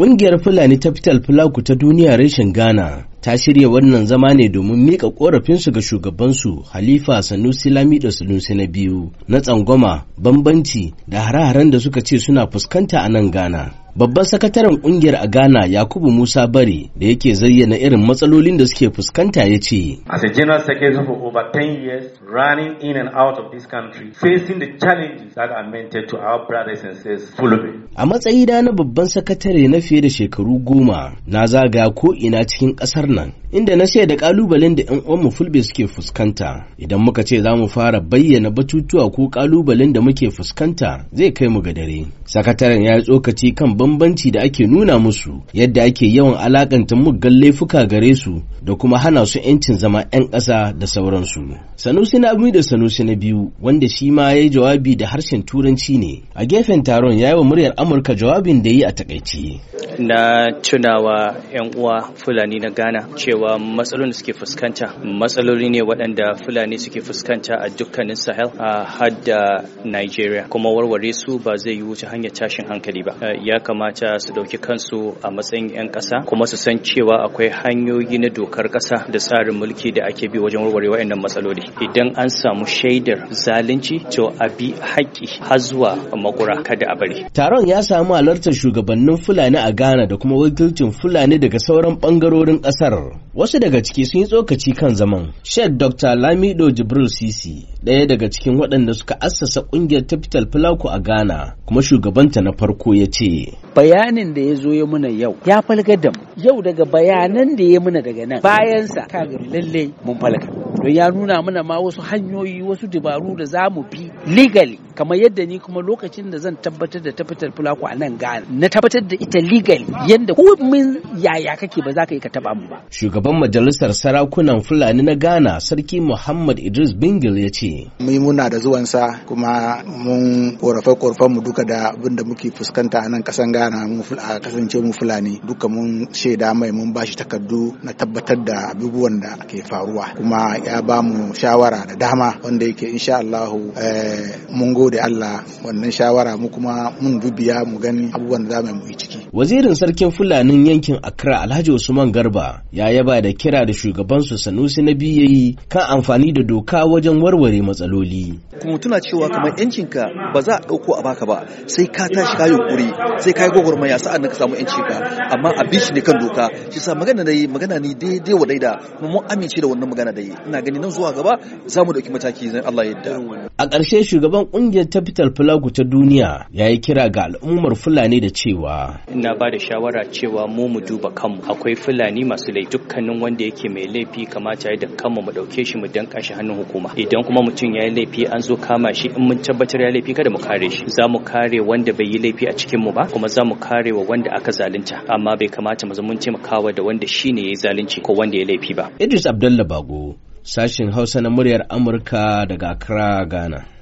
Ƙungiyar Fulani ta Tafital Fulaku ta duniya reshen Ghana ta shirya wannan zama ne domin mika ƙorafinsu ga shugabansu Halifa Sanusi Lamido Sanusi na biyu na tsangwama, bambanci da hare-haren da suka ce suna fuskanta a nan Ghana. Babban sakataren ƙungiyar a Ghana Yakubu Musa Bari da yake zayyana irin matsalolin da suke fuskanta ya ce. As a general secretary for over 10 years running in and out of this country facing the challenges that are meant to our brothers and sisters it. A matsayina na babban sakatare na fiye da shekaru goma na zaga ko ina cikin ƙasar nan inda na da kalubalen da 'yan uwanmu Fulbe suke fuskanta idan muka ce za mu fara bayyana batutuwa ko kalubalen da muke fuskanta zai kai mu ga dare. Sakataren ya yi tsokaci kan bambanci da ake nuna musu yadda ake yawan alakanta muggan laifuka gare su da kuma hana su 'yancin zama 'yan ƙasa da sauransu. Sanusi na abu da Sanusi na biyu wanda shi ma ya jawabi da harshen turanci ne a gefen taron ya yi wa muryar Amurka jawabin da yi a takaici. Na tunawa 'yan uwa Fulani na Ghana cewa matsalolin da suke fuskanta matsaloli ne waɗanda Fulani suke fuskanta a dukkanin Sahel a hadda Nigeria kuma warware su ba zai yi wuce hanyar tashin hankali ba. Ya kamata su dauki kansu a matsayin 'yan ƙasa kuma su san cewa akwai hanyoyi na dokar ƙasa da tsarin mulki da ake bi wajen warware wa'annan matsaloli idan an samu shaidar zalunci to a bi haƙƙi har zuwa makura kada a bari taron ya samu halartar shugabannin fulani a ghana da kuma wakilcin fulani daga sauran bangarorin ƙasar wasu daga ciki sun yi tsokaci kan zaman sheikh dr lamido jibril sisi ɗaya daga cikin waɗanda suka assasa ƙungiyar ta fitar a Ghana kuma shugabanta na farko ya ce. Bayanin da ya zo ya muna yau ya falga da mu yau daga bayanan da ya muna daga nan bayansa kaga lallai mun falga. Don ya nuna mana ma wasu hanyoyi wasu dabaru da za mu bi legally kamar yadda ni kuma lokacin da zan tabbatar da tafitar fulaku a nan Ghana na tabbatar da ita legal yadda ko min yaya kake ba za ka yi ka taba mu ba shugaban majalisar sarakunan Fulani na Ghana sarki Muhammad Idris Bingil ya ce mu muna da zuwan sa kuma mun korafe korafen mu duka da abin da muke fuskanta a nan kasan Ghana mu a kasance mu Fulani duka mun shaida mai mun bashi takardu na tabbatar da abubuwan da ke faruwa kuma ya ba mu shawara da dama wanda yake insha Allah eh, mun gode gode Allah wannan shawara mu kuma mun dubiya mu gani abubuwan da mu yi ciki. Wazirin sarkin Fulanin yankin Accra Alhaji Usman Garba ya yaba da kira da shugaban su Sanusi na biyayi kan amfani da doka wajen warware matsaloli. Kuma tuna cewa kamar ka ba za a ɗauko a baka ba sai ka tashi ka yunkuri sai kai yi gwagwarmaya sa'an ka samu ka amma a bishi ne kan doka shi sa magana da yi magana ne daidai wa daida kuma mun amince da wannan magana da yi ina gani nan zuwa gaba za mu ɗauki mataki zan Allah ya yarda. A ƙarshe shugaban ƙungiyar Ƙungiyar Tafital Fulagu ta duniya ya yi kira ga al'ummar Fulani da cewa. Ina ba da shawara cewa mu mu duba kanmu akwai Fulani masu laifi dukkanin wanda yake mai laifi kamata ya da kanmu mu ɗauke shi mu danka shi hannun hukuma idan kuma mutum ya yi laifi an zo kama shi in mun tabbatar ya laifi kada mu kare shi za mu kare wanda bai yi laifi a cikin mu ba kuma za mu kare wa wanda aka zalunta amma bai kamata mu zama taimakawa da wanda shi ne ya yi zalunci ko wanda ya laifi ba. Idris Abdullahi Bago sashin Hausa na muryar Amurka daga Accra Ghana.